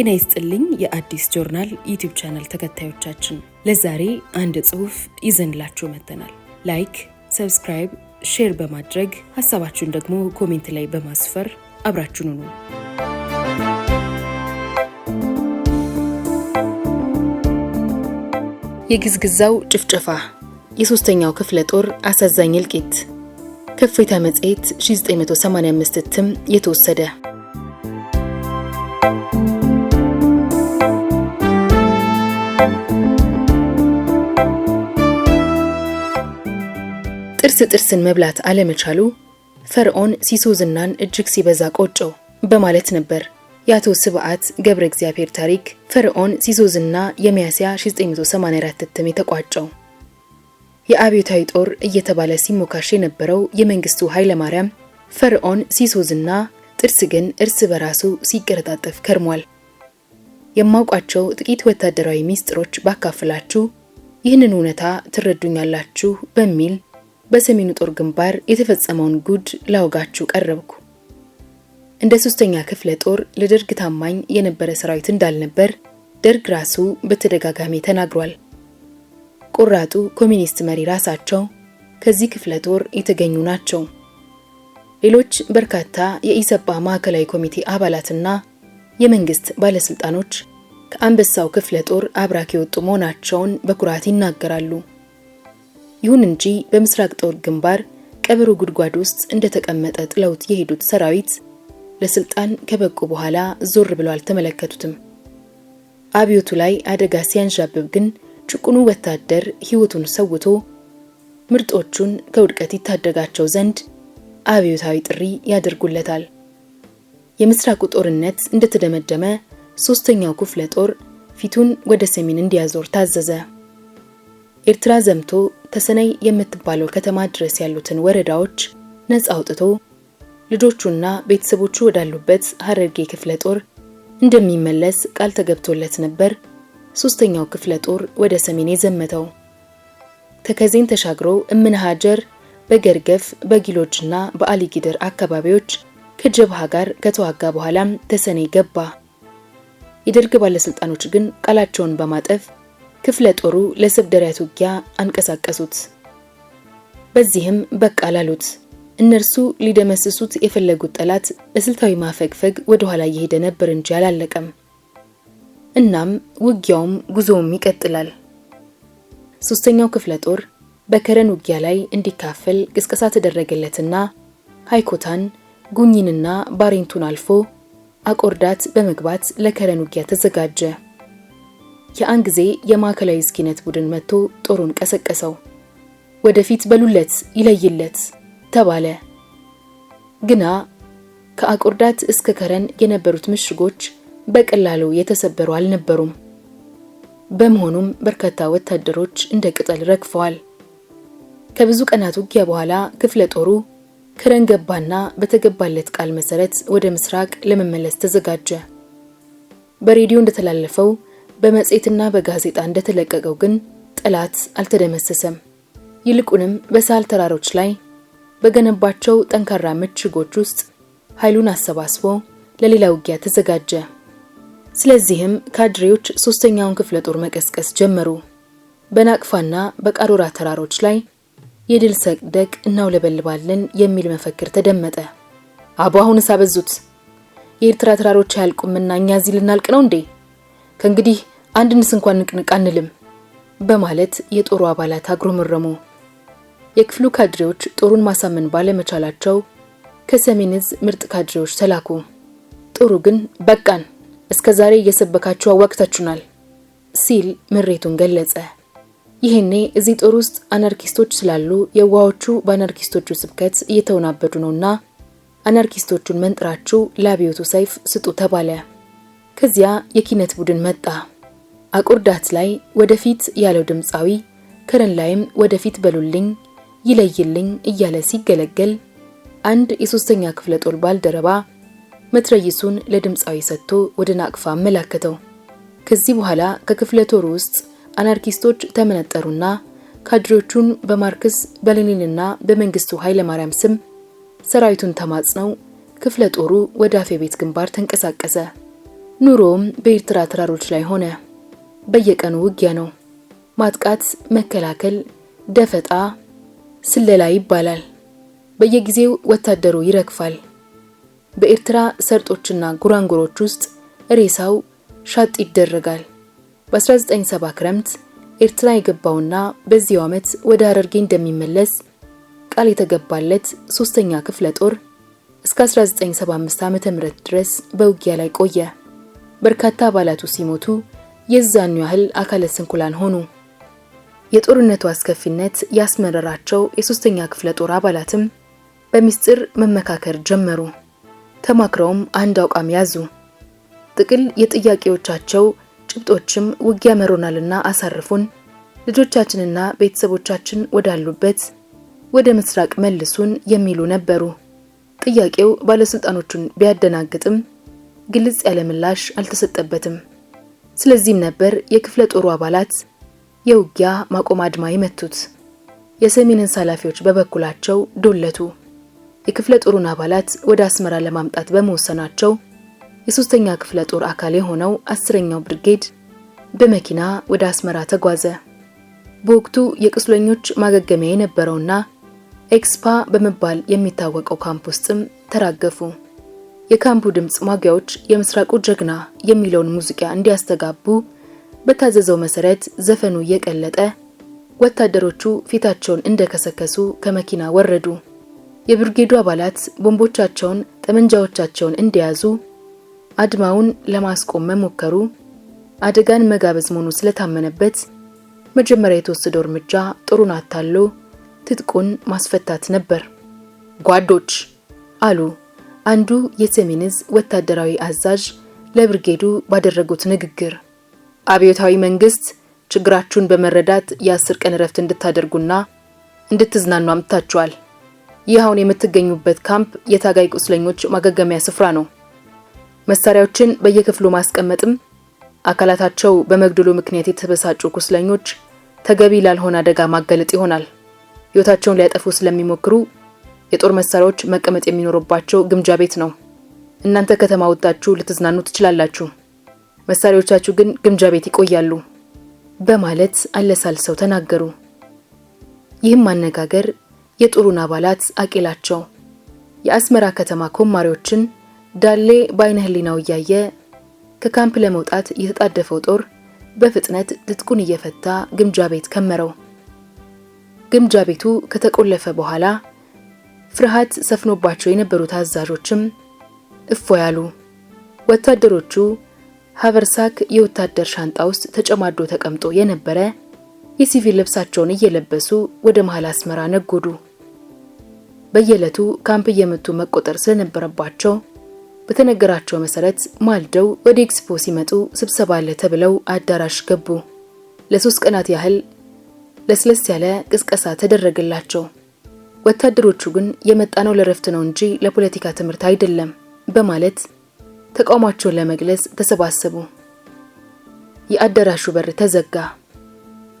ጤና ይስጥልኝ የአዲስ ጆርናል ዩቲዩብ ቻናል ተከታዮቻችን፣ ለዛሬ አንድ ጽሑፍ ይዘንላችሁ መጥተናል። ላይክ፣ ሰብስክራይብ፣ ሼር በማድረግ ሀሳባችሁን ደግሞ ኮሜንት ላይ በማስፈር አብራችሁን ሁኑ። የግዝግዛው ጭፍጨፋ የሶስተኛው ክፍለ ጦር አሳዛኝ እልቂት ከፍታ መጽሔት 1985 እትም የተወሰደ ጥርስ ጥርስን መብላት አለመቻሉ ፈርዖን ሲሶ ዝናን እጅግ ሲበዛ ቆጨው በማለት ነበር የአቶ ስብዓት ገብረ እግዚአብሔር ታሪክ ፈርዖን ሲሶ ዝና የሚያስያ 1984 እትም የተቋጨው። የአብዮታዊ ጦር እየተባለ ሲሞካሽ የነበረው የመንግስቱ ኃይለማርያም ፈርዖን ሲሶ ዝና ጥርስ ግን እርስ በራሱ ሲቀረጣጠፍ ከርሟል። የማውቋቸው ጥቂት ወታደራዊ ሚስጥሮች ባካፍላችሁ ይህንን እውነታ ትረዱኛላችሁ በሚል በሰሜኑ ጦር ግንባር የተፈጸመውን ጉድ ላውጋችሁ ቀረብኩ። እንደ ሶስተኛ ክፍለ ጦር ለደርግ ታማኝ የነበረ ሰራዊት እንዳልነበር ደርግ ራሱ በተደጋጋሚ ተናግሯል። ቆራጡ ኮሚኒስት መሪ ራሳቸው ከዚህ ክፍለ ጦር የተገኙ ናቸው። ሌሎች በርካታ የኢሰፓ ማዕከላዊ ኮሚቴ አባላትና የመንግስት ባለስልጣኖች ከአንበሳው ክፍለ ጦር አብራክ የወጡ መሆናቸውን በኩራት ይናገራሉ። ይሁን እንጂ በምስራቅ ጦር ግንባር ቀበሮ ጉድጓድ ውስጥ እንደተቀመጠ ጥለውት የሄዱት ሰራዊት ለስልጣን ከበቁ በኋላ ዞር ብለው አልተመለከቱትም። አብዮቱ ላይ አደጋ ሲያንዣብብ ግን ጭቁኑ ወታደር ሕይወቱን ሰውቶ ምርጦቹን ከውድቀት ይታደጋቸው ዘንድ አብዮታዊ ጥሪ ያደርጉለታል። የምስራቁ ጦርነት እንደተደመደመ ሦስተኛው ክፍለ ጦር ፊቱን ወደ ሰሜን እንዲያዞር ታዘዘ። ኤርትራ ዘምቶ ተሰነይ የምትባለው ከተማ ድረስ ያሉትን ወረዳዎች ነፃ አውጥቶ ልጆቹና ቤተሰቦቹ ወዳሉበት ሀረርጌ ክፍለ ጦር እንደሚመለስ ቃል ተገብቶለት ነበር። ሶስተኛው ክፍለ ጦር ወደ ሰሜን የዘመተው ተከዜን ተሻግሮ እምን ሀጀር በገርገፍ በጊሎጅና በአሊጊደር አካባቢዎች ከጀብሃ ጋር ከተዋጋ በኋላም ተሰኔ ገባ። የደርግ ባለስልጣኖች ግን ቃላቸውን በማጠፍ ክፍለ ጦሩ ለሰብደሪያት ውጊያ አንቀሳቀሱት። በዚህም በቃ ላሉት እነርሱ ሊደመስሱት የፈለጉት ጠላት በስልታዊ ማፈግፈግ ወደኋላ እየሄደ ነበር እንጂ አላለቀም። እናም ውጊያውም ጉዞውም ይቀጥላል። ሶስተኛው ክፍለ ጦር በከረን ውጊያ ላይ እንዲካፈል ቅስቀሳ ተደረገለትና ሃይኮታን፣ ጉኝንና ባሬንቱን አልፎ አቆርዳት በመግባት ለከረን ውጊያ ተዘጋጀ። ያን ጊዜ የማዕከላዊ እስኪነት ቡድን መጥቶ ጦሩን ቀሰቀሰው። ወደፊት በሉለት ይለይለት ተባለ። ግና ከአቁርዳት እስከ ከረን የነበሩት ምሽጎች በቀላሉ የተሰበሩ አልነበሩም። በመሆኑም በርካታ ወታደሮች እንደ ቅጠል ረግፈዋል። ከብዙ ቀናት ውጊያ በኋላ ክፍለ ጦሩ ከረን ገባና በተገባለት ቃል መሰረት ወደ ምስራቅ ለመመለስ ተዘጋጀ። በሬዲዮ እንደተላለፈው በመጽሔትና በጋዜጣ እንደተለቀቀው ግን ጠላት አልተደመሰሰም። ይልቁንም በሳል ተራሮች ላይ በገነባቸው ጠንካራ ምሽጎች ውስጥ ኃይሉን አሰባስቦ ለሌላ ውጊያ ተዘጋጀ። ስለዚህም ካድሬዎች ሶስተኛውን ክፍለ ጦር መቀስቀስ ጀመሩ። በናቅፋና በቃሮራ ተራሮች ላይ የድል ሰደቅ እናውለበልባለን የሚል መፈክር ተደመጠ። አቡ አሁንስ አበዙት። የኤርትራ ተራሮች አያልቁምና እኛ እዚህ ልናልቅ ነው እንዴ? ከእንግዲህ አንድንስ እንኳን ንቅንቅ አንልም በማለት የጦሩ አባላት አግሮመረሙ። የክፍሉ ካድሬዎች ጦሩን ማሳመን ባለመቻላቸው ከሰሜን እዝ ምርጥ ካድሬዎች ተላኩ። ጦሩ ግን በቃን፣ እስከ ዛሬ እየሰበካችሁ አዋግታችሁናል ሲል ምሬቱን ገለጸ። ይህኔ እዚህ ጦር ውስጥ አናርኪስቶች ስላሉ የዋዎቹ በአናርኪስቶቹ ስብከት እየተወናበዱ ነውና አናርኪስቶቹን መንጥራችሁ ለአብዮቱ ሰይፍ ስጡ ተባለ። ከዚያ የኪነት ቡድን መጣ። አቁርዳት ላይ ወደፊት ያለው ድምፃዊ ከረን ላይም ወደፊት በሉልኝ ይለይልኝ እያለ ሲገለገል አንድ የሶስተኛ ክፍለ ጦር ባልደረባ መትረይሱን ለድምፃዊ ሰጥቶ ወደ ናቅፋ አመላከተው። ከዚህ በኋላ ከክፍለ ጦሩ ውስጥ አናርኪስቶች ተመነጠሩና ካድሬዎቹን በማርክስ በሌኒንና በመንግስቱ ኃይለማርያም ስም ሰራዊቱን ተማጽነው ክፍለ ጦሩ ወደ አፌ ቤት ግንባር ተንቀሳቀሰ። ኑሮም በኤርትራ ተራሮች ላይ ሆነ። በየቀኑ ውጊያ ነው። ማጥቃት፣ መከላከል፣ ደፈጣ፣ ስለላ ይባላል። በየጊዜው ወታደሩ ይረግፋል። በኤርትራ ሰርጦችና ጉራንጉሮች ውስጥ ሬሳው ሻጥ ይደረጋል። በ1970 ክረምት ኤርትራ የገባውና በዚያው ዓመት ወደ ሐረርጌ እንደሚመለስ ቃል የተገባለት ሶስተኛ ክፍለ ጦር እስከ 1975 ዓ.ም ድረስ በውጊያ ላይ ቆየ። በርካታ አባላቱ ሲሞቱ የዛኑ ያህል አካለ ስንኩላን ሆኑ። የጦርነቱ አስከፊነት ያስመረራቸው የሶስተኛ ክፍለ ጦር አባላትም በምስጢር መመካከር ጀመሩ። ተማክረውም አንድ አቋም ያዙ። ጥቅል የጥያቄዎቻቸው ጭብጦችም ውጊያ መሮናልና አሳርፉን፣ ልጆቻችንና ቤተሰቦቻችን ወዳሉበት ወደ ምስራቅ መልሱን የሚሉ ነበሩ። ጥያቄው ባለስልጣኖቹን ቢያደናግጥም ግልጽ ያለ ምላሽ አልተሰጠበትም። ስለዚህም ነበር የክፍለ ጦሩ አባላት የውጊያ ማቆም አድማ የመቱት። የሰሜንን ኃላፊዎች በበኩላቸው ዶለቱ። የክፍለ ጦሩን አባላት ወደ አስመራ ለማምጣት በመወሰናቸው የሶስተኛ ክፍለ ጦር አካል የሆነው አስረኛው ብርጌድ በመኪና ወደ አስመራ ተጓዘ። በወቅቱ የቁስለኞች ማገገሚያ የነበረውና ኤክስፓ በመባል የሚታወቀው ካምፕ ውስጥም ተራገፉ። የካምፑ ድምፅ ማጊያዎች የምስራቁ ጀግና የሚለውን ሙዚቃ እንዲያስተጋቡ በታዘዘው መሰረት ዘፈኑ እየቀለጠ ወታደሮቹ ፊታቸውን እንደከሰከሱ ከመኪና ወረዱ። የብርጌዱ አባላት ቦምቦቻቸውን፣ ጠመንጃዎቻቸውን እንደያዙ አድማውን ለማስቆም መሞከሩ አደጋን መጋበዝ መሆኑ ስለታመነበት መጀመሪያ የተወሰደው እርምጃ ጥሩን አታሎ ትጥቁን ማስፈታት ነበር። ጓዶች አሉ አንዱ የሰሜን ዕዝ ወታደራዊ አዛዥ ለብርጌዱ ባደረጉት ንግግር አብዮታዊ መንግስት ችግራችሁን በመረዳት የአስር ቀን እረፍት እንድታደርጉና እንድትዝናኑ አምታችኋል። ይህ አሁን የምትገኙበት ካምፕ የታጋይ ቁስለኞች ማገገሚያ ስፍራ ነው። መሳሪያዎችን በየክፍሉ ማስቀመጥም አካላታቸው በመግደሉ ምክንያት የተበሳጩ ቁስለኞች ተገቢ ላልሆነ አደጋ ማገለጥ ይሆናል። ሕይወታቸውን ሊያጠፉ ስለሚሞክሩ የጦር መሳሪያዎች መቀመጥ የሚኖርባቸው ግምጃ ቤት ነው። እናንተ ከተማ ወጥታችሁ ልትዝናኑ ትችላላችሁ፣ መሳሪያዎቻችሁ ግን ግምጃ ቤት ይቆያሉ በማለት አለሳልሰው ተናገሩ። ይህም አነጋገር የጦሩን አባላት አቂላቸው። የአስመራ ከተማ ኮማሪዎችን ዳሌ በአይነ ህሊናው እያየ ከካምፕ ለመውጣት የተጣደፈው ጦር በፍጥነት ትጥቁን እየፈታ ግምጃ ቤት ከመረው። ግምጃ ቤቱ ከተቆለፈ በኋላ ፍርሃት ሰፍኖባቸው የነበሩ ታዛዦችም እፎ ያሉ። ወታደሮቹ ሀቨርሳክ የወታደር ሻንጣ ውስጥ ተጨማዶ ተቀምጦ የነበረ የሲቪል ልብሳቸውን እየለበሱ ወደ መሀል አስመራ ነጎዱ። በየዕለቱ ካምፕ እየመቱ መቆጠር ስለነበረባቸው በተነገራቸው መሰረት ማልደው ወደ ኤክስፖ ሲመጡ ስብሰባ አለ ተብለው አዳራሽ ገቡ። ለሶስት ቀናት ያህል ለስለስ ያለ ቅስቀሳ ተደረገላቸው። ወታደሮቹ ግን የመጣነው ለረፍት ነው እንጂ ለፖለቲካ ትምህርት አይደለም በማለት ተቃውሟቸውን ለመግለጽ ተሰባሰቡ። የአዳራሹ በር ተዘጋ።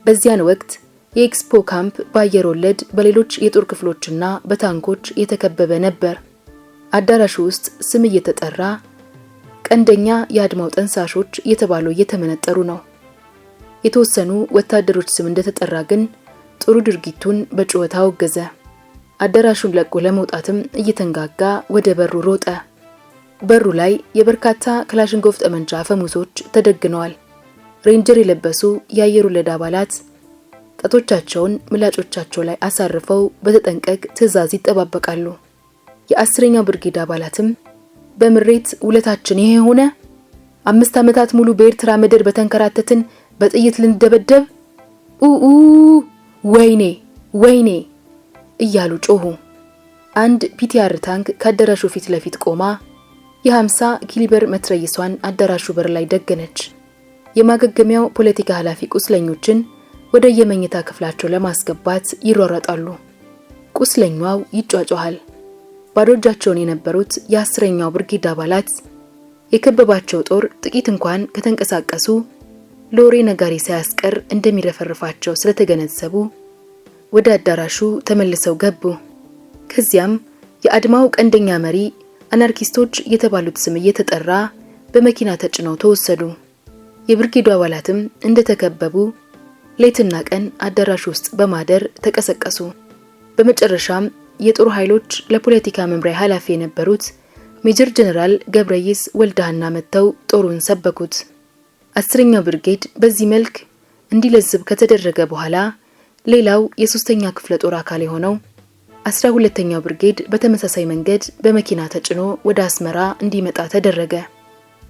በዚያን ወቅት የኤክስፖ ካምፕ በአየር ወለድ በሌሎች የጦር ክፍሎችና በታንኮች የተከበበ ነበር። አዳራሹ ውስጥ ስም እየተጠራ ቀንደኛ የአድማው ጠንሳሾች እየተባሉ እየተመነጠሩ ነው። የተወሰኑ ወታደሮች ስም እንደተጠራ ግን ጥሩ ድርጊቱን በጩኸት አወገዘ። አዳራሹን ለቆ ለመውጣትም እየተንጋጋ ወደ በሩ ሮጠ። በሩ ላይ የበርካታ ክላሽንኮቭ ጠመንጃ ፈሙሶች ተደግነዋል። ሬንጀር የለበሱ የአየር ወለድ አባላት ጣቶቻቸውን ምላጮቻቸው ላይ አሳርፈው በተጠንቀቅ ትዕዛዝ ይጠባበቃሉ። የአስረኛው ብርጌድ አባላትም በምሬት ውለታችን ይሄ ሆነ፣ አምስት ዓመታት ሙሉ በኤርትራ ምድር በተንከራተትን፣ በጥይት ልንደበደብ ኡኡ፣ ወይኔ ወይኔ እያሉ ጮሁ። አንድ ፒቲአር ታንክ ከአዳራሹ ፊት ለፊት ቆማ የ50 ኪሊበር መትረየሷን አዳራሹ በር ላይ ደገነች። የማገገሚያው ፖለቲካ ኃላፊ ቁስለኞችን ወደ የመኝታ ክፍላቸው ለማስገባት ይሯረጣሉ። ቁስለኛው ይጫጫሃል። ባዶ እጃቸውን የነበሩት የአስረኛው ብርጌድ አባላት የከበባቸው ጦር ጥቂት እንኳን ከተንቀሳቀሱ ሎሬ ነጋሪ ሳያስቀር እንደሚረፈርፋቸው ስለተገነዘቡ ወደ አዳራሹ ተመልሰው ገቡ። ከዚያም የአድማው ቀንደኛ መሪ አናርኪስቶች የተባሉት ስም እየተጠራ በመኪና ተጭነው ተወሰዱ። የብርጌዱ አባላትም እንደተከበቡ ሌትና ቀን አዳራሽ ውስጥ በማደር ተቀሰቀሱ። በመጨረሻም የጦር ኃይሎች ለፖለቲካ መምሪያ ኃላፊ የነበሩት ሜጀር ጀነራል ገብረይስ ወልደሃና መጥተው ጦሩን ሰበኩት። አስረኛው ብርጌድ በዚህ መልክ እንዲለዝብ ከተደረገ በኋላ ሌላው የሶስተኛ ክፍለ ጦር አካል የሆነው አስራ ሁለተኛው ብርጌድ በተመሳሳይ መንገድ በመኪና ተጭኖ ወደ አስመራ እንዲመጣ ተደረገ።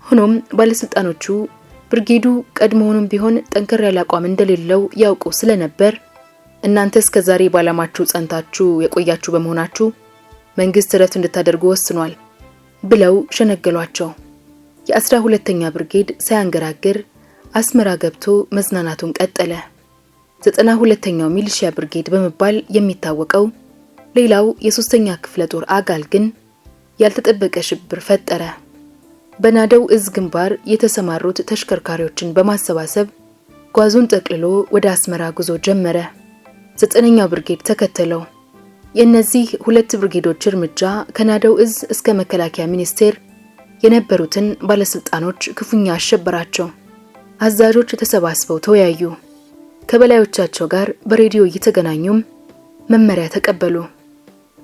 ሆኖም ባለስልጣኖቹ ብርጌዱ ቀድሞውንም ቢሆን ጠንከር ያለ አቋም እንደሌለው ያውቁ ስለነበር እናንተ እስከ ዛሬ ባላማችሁ ጸንታችሁ የቆያችሁ በመሆናችሁ መንግስት እረፍት እንድታደርጉ ወስኗል ብለው ሸነገሏቸው። የአስራ ሁለተኛ ብርጌድ ሳያንገራግር አስመራ ገብቶ መዝናናቱን ቀጠለ። ዘጠና ሁለተኛው ሚሊሺያ ብርጌድ በመባል የሚታወቀው ሌላው የሶስተኛ ክፍለ ጦር አጋል ግን ያልተጠበቀ ሽብር ፈጠረ። በናደው እዝ ግንባር የተሰማሩት ተሽከርካሪዎችን በማሰባሰብ ጓዙን ጠቅልሎ ወደ አስመራ ጉዞ ጀመረ። ዘጠነኛው ብርጌድ ተከተለው። የእነዚህ ሁለት ብርጌዶች እርምጃ ከናደው እዝ እስከ መከላከያ ሚኒስቴር የነበሩትን ባለስልጣኖች ክፉኛ አሸበራቸው። አዛዦች ተሰባስበው ተወያዩ። ከበላዮቻቸው ጋር በሬዲዮ እየተገናኙም መመሪያ ተቀበሉ።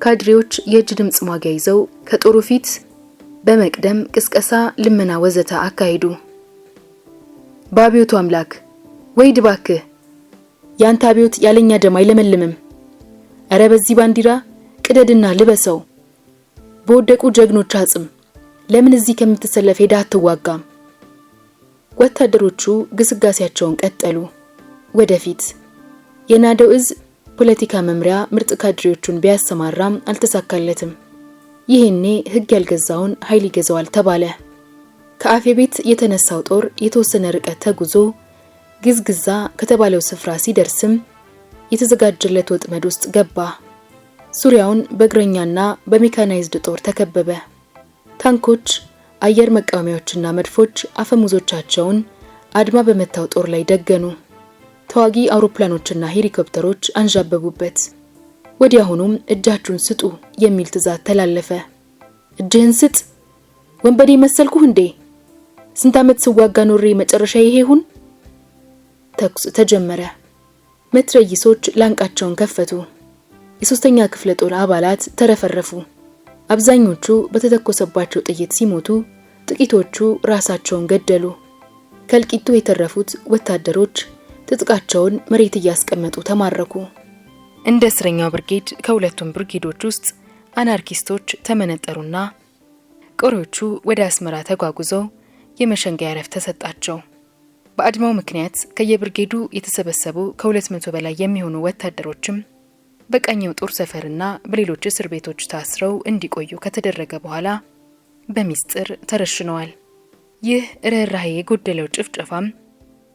ካድሬዎች የእጅ ድምፅ ሟጊያ ይዘው ከጦሩ ፊት በመቅደም ቅስቀሳ፣ ልመና፣ ወዘተ አካሄዱ። በአብዮቱ አምላክ ወይ ድባክ ያንተ አብዮት ያለኛ ደም አይለመልምም። እረ በዚህ ባንዲራ ቅደድና ልበሰው። በወደቁ ጀግኖች አጽም ለምን እዚህ ከምትሰለፍ ሄዳ አትዋጋም? ወታደሮቹ ግስጋሴያቸውን ቀጠሉ። ወደፊት የናደው እዝ ፖለቲካ መምሪያ ምርጥ ካድሬዎቹን ቢያሰማራም አልተሳካለትም። ይህኔ ሕግ ያልገዛውን ኃይል ይገዛዋል ተባለ። ከአፌ ቤት የተነሳው ጦር የተወሰነ ርቀት ተጉዞ ግዝግዛ ከተባለው ስፍራ ሲደርስም የተዘጋጀለት ወጥመድ ውስጥ ገባ። ዙሪያውን በእግረኛና በሜካናይዝድ ጦር ተከበበ። ታንኮች፣ አየር መቃወሚያዎችና መድፎች አፈሙዞቻቸውን አድማ በመታው ጦር ላይ ደገኑ። ተዋጊ አውሮፕላኖችና ሄሊኮፕተሮች አንዣበቡበት። ወዲያውኑም እጃችሁን ስጡ የሚል ትዕዛዝ ተላለፈ። እጅህን ስጥ! ወንበዴ መሰልኩህ እንዴ? ስንት ዓመት ስዋጋ ኖሬ መጨረሻ ይሄ ይሁን? ተኩስ ተጀመረ። መትረይሶች ላንቃቸውን ከፈቱ። የሶስተኛ ክፍለ ጦር አባላት ተረፈረፉ። አብዛኞቹ በተተኮሰባቸው ጥይት ሲሞቱ፣ ጥቂቶቹ ራሳቸውን ገደሉ። ከእልቂቱ የተረፉት ወታደሮች ትጥቃቸውን መሬት እያስቀመጡ ተማረኩ። እንደ እስረኛው ብርጌድ ከሁለቱም ብርጌዶች ውስጥ አናርኪስቶች ተመነጠሩና ቆሪዎቹ ወደ አስመራ ተጓጉዘው የመሸንገያ ረፍት ተሰጣቸው። በአድማው ምክንያት ከየብርጌዱ የተሰበሰቡ ከ200 በላይ የሚሆኑ ወታደሮችም በቀኝው ጦር ሰፈርና በሌሎች እስር ቤቶች ታስረው እንዲቆዩ ከተደረገ በኋላ በሚስጥር ተረሽነዋል። ይህ ርኅራሄ የጎደለው ጭፍጨፋም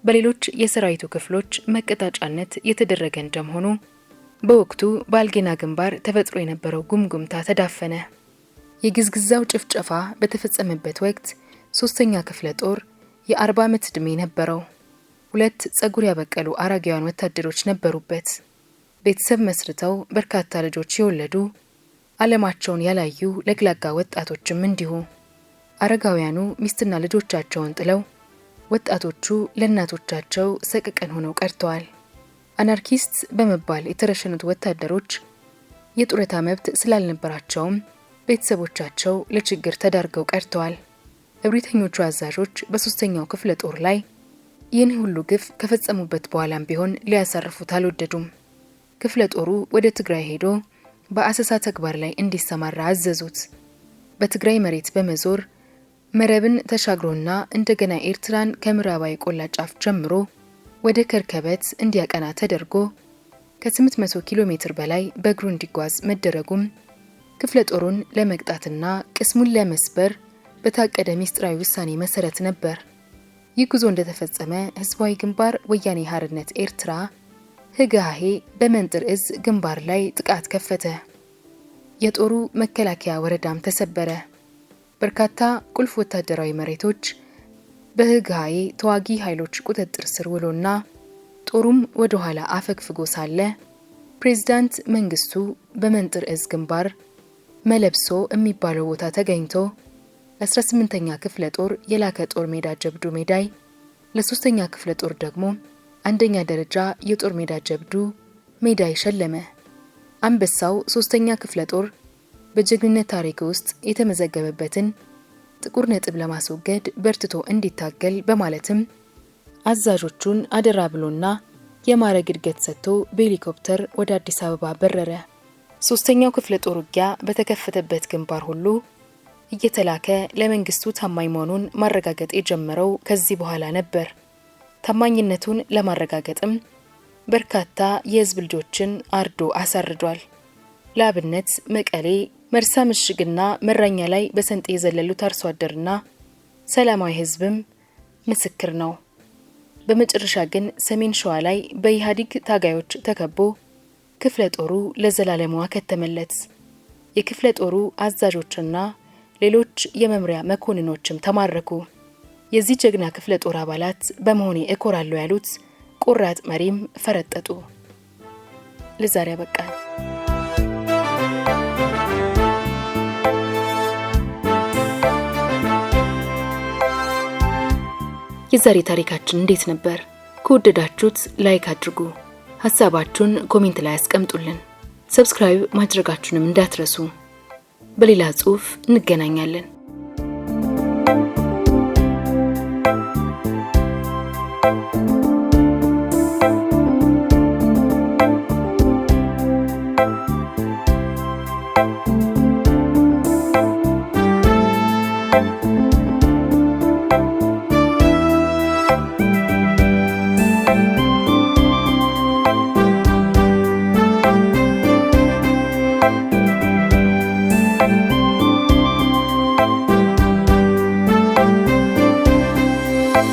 በሌሎች የሰራዊቱ ክፍሎች መቀጣጫነት የተደረገ እንደመሆኑ በወቅቱ በአልጌና ግንባር ተፈጥሮ የነበረው ጉምጉምታ ተዳፈነ። የግዝግዛው ጭፍጨፋ በተፈጸመበት ወቅት ሶስተኛ ክፍለ ጦር የአርባ ዓመት ዕድሜ ነበረው። ሁለት ጸጉር ያበቀሉ አረጋውያን ወታደሮች ነበሩበት። ቤተሰብ መስርተው በርካታ ልጆች የወለዱ ዓለማቸውን ያላዩ ለግላጋ ወጣቶችም እንዲሁ። አረጋውያኑ ሚስትና ልጆቻቸውን ጥለው ወጣቶቹ ለእናቶቻቸው ሰቅቀን ሆነው ቀርተዋል። አናርኪስት በመባል የተረሸኑት ወታደሮች የጡረታ መብት ስላልነበራቸውም ቤተሰቦቻቸው ለችግር ተዳርገው ቀርተዋል። እብሪተኞቹ አዛዦች በሦስተኛው ክፍለ ጦር ላይ ይህን ሁሉ ግፍ ከፈጸሙበት በኋላም ቢሆን ሊያሳርፉት አልወደዱም። ክፍለ ጦሩ ወደ ትግራይ ሄዶ በአሰሳ ተግባር ላይ እንዲሰማራ አዘዙት። በትግራይ መሬት በመዞር መረብን ተሻግሮና እንደገና ኤርትራን ከምዕራባዊ ቆላ ጫፍ ጀምሮ ወደ ከርከበት እንዲያቀና ተደርጎ ከ800 ኪሎ ሜትር በላይ በእግሩ እንዲጓዝ መደረጉም ክፍለ ጦሩን ለመቅጣትና ቅስሙን ለመስበር በታቀደ ሚስጥራዊ ውሳኔ መሰረት ነበር። ይህ ጉዞ እንደተፈጸመ ህዝባዊ ግንባር ወያኔ ሀርነት ኤርትራ ህግሃሄ በመንጥር እዝ ግንባር ላይ ጥቃት ከፈተ። የጦሩ መከላከያ ወረዳም ተሰበረ። በርካታ ቁልፍ ወታደራዊ መሬቶች በህግሀዬ ተዋጊ ኃይሎች ቁጥጥር ስር ውሎና ጦሩም ወደ ኋላ አፈግፍጎ ሳለ ፕሬዝዳንት መንግስቱ በመንጥር እዝ ግንባር መለብሶ የሚባለው ቦታ ተገኝቶ ለ18ኛ ክፍለ ጦር የላከ ጦር ሜዳ ጀብዱ ሜዳይ ለሶስተኛ ክፍለ ጦር ደግሞ አንደኛ ደረጃ የጦር ሜዳ ጀብዱ ሜዳይ ሸለመ። አንበሳው ሶስተኛ ክፍለ ጦር በጀግንነት ታሪክ ውስጥ የተመዘገበበትን ጥቁር ነጥብ ለማስወገድ በርትቶ እንዲታገል በማለትም አዛዦቹን አደራ ብሎና የማዕረግ እድገት ሰጥቶ በሄሊኮፕተር ወደ አዲስ አበባ በረረ። ሶስተኛው ክፍለ ጦር ውጊያ በተከፈተበት ግንባር ሁሉ እየተላከ ለመንግስቱ ታማኝ መሆኑን ማረጋገጥ የጀመረው ከዚህ በኋላ ነበር። ታማኝነቱን ለማረጋገጥም በርካታ የህዝብ ልጆችን አርዶ አሳርዷል። ለአብነት መቀሌ፣ መርሳ ምሽግና መራኛ ላይ በሰንጤ የዘለሉት አርሶ አደርና ሰላማዊ ህዝብም ምስክር ነው። በመጨረሻ ግን ሰሜን ሸዋ ላይ በኢህአዴግ ታጋዮች ተከቦ ክፍለ ጦሩ ለዘላለሟ ከተመለት። የክፍለ ጦሩ አዛዦችና ሌሎች የመምሪያ መኮንኖችም ተማረኩ። የዚህ ጀግና ክፍለ ጦር አባላት በመሆኔ እኮራለሁ ያሉት ቆራጥ መሪም ፈረጠጡ። ለዛሬ ያበቃል። የዛሬ ታሪካችን እንዴት ነበር? ከወደዳችሁት ላይክ አድርጉ። ሀሳባችሁን ኮሜንት ላይ አስቀምጡልን። ሰብስክራይብ ማድረጋችሁንም እንዳትረሱ። በሌላ ጽሑፍ እንገናኛለን። thank you